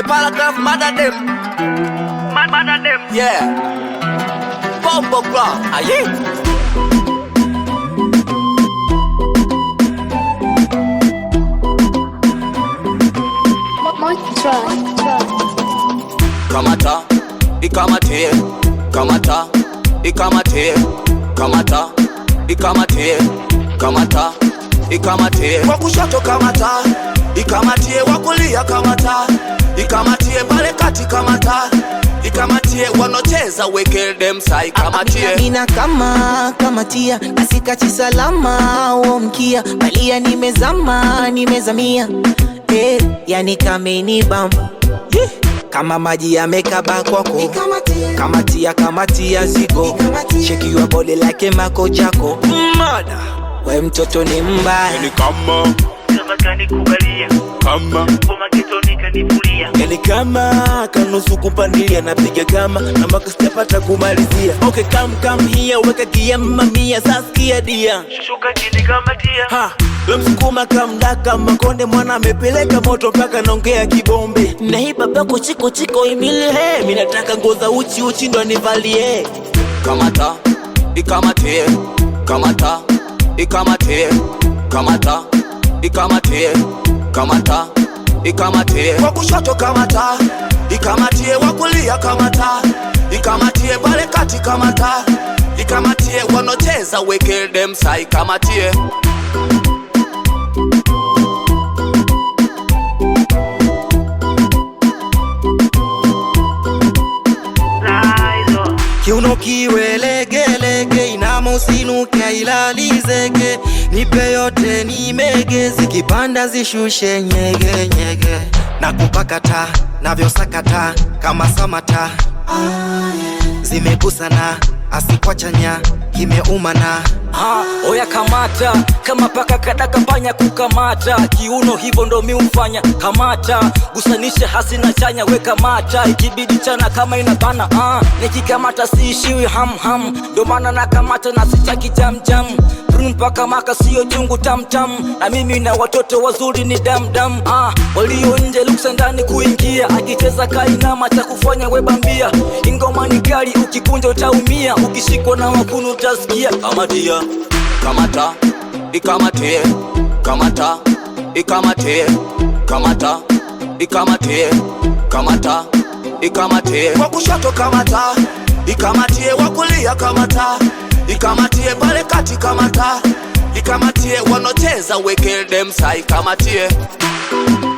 The paragraph murder them. Mad murder them. Yeah. Bombo club. Aye. Kamata, ikamate, kamata, ikamate, kamata, ikamate, kamata, ikamate. Kwa kushoto kamata ikamatie wakulia kamata ikamatie pale kati kamata ikamatie wanocheza weke dem sai kamatie ah, ah, kama kamatia asikachi salama omkia malia nimezama nimezamia eh, yani kameni kama maji yamekaba kwako kamatia kamatia zigo shekiwa bole lake mako chako mada we mtoto ni mbaya kama kama yani kama kanusu kupandia napiga kama na maka kumalizia. ok kamkam hiya here, weka gia mamia, sasikia dia shuka kamdaka makonde mwana amepeleka moto mpaka naongea kibombe nahi babako chiko chiko minataka ngoza uchi uchi ndo nivalie kamata ikamatie kamata ikamatie kamata ikamatie, kamata, ikamatie, wa kushoto kamata, ikamatie, wakulia kamata, ikamatie, pale kati kamata, ikamatie, wanocheza weke demsa ikamatie kiwelegelege, inamusinuke ailalizeke, nipe yote nimege, zikipanda zishushe nyege nyege, na kupakata navyosakata kama samata zimekusana asikwachanya kimeuma na ha, oya kamata kama paka kadaka panya kukamata kiuno hivyo ndo mi kamata gusanishe hasi na chanya we kamata ikibidi chana kama inabana ah, nikikamata siishiwi hamham ndo maana na kamata na sichaki jamjam mpaka maka siyo chungu tamtam na mimi na watoto wazuri ni damdam ah, walio nje luksa ndani kuingia akicheza kainama cha kufanya webambia ingoma ni gari ukikunja utaumia ukishikwa na wakunu ushasikia. Kamatia, kamata, ikamate, kamata, ikamate, kamata, ikamate, kamata, ikamate. Wa kushoto kamata, ikamatie. Wa kamata, ikamatie. Pale kati kamata, ikamatie. Wanocheza weke dem ikamatie kamatie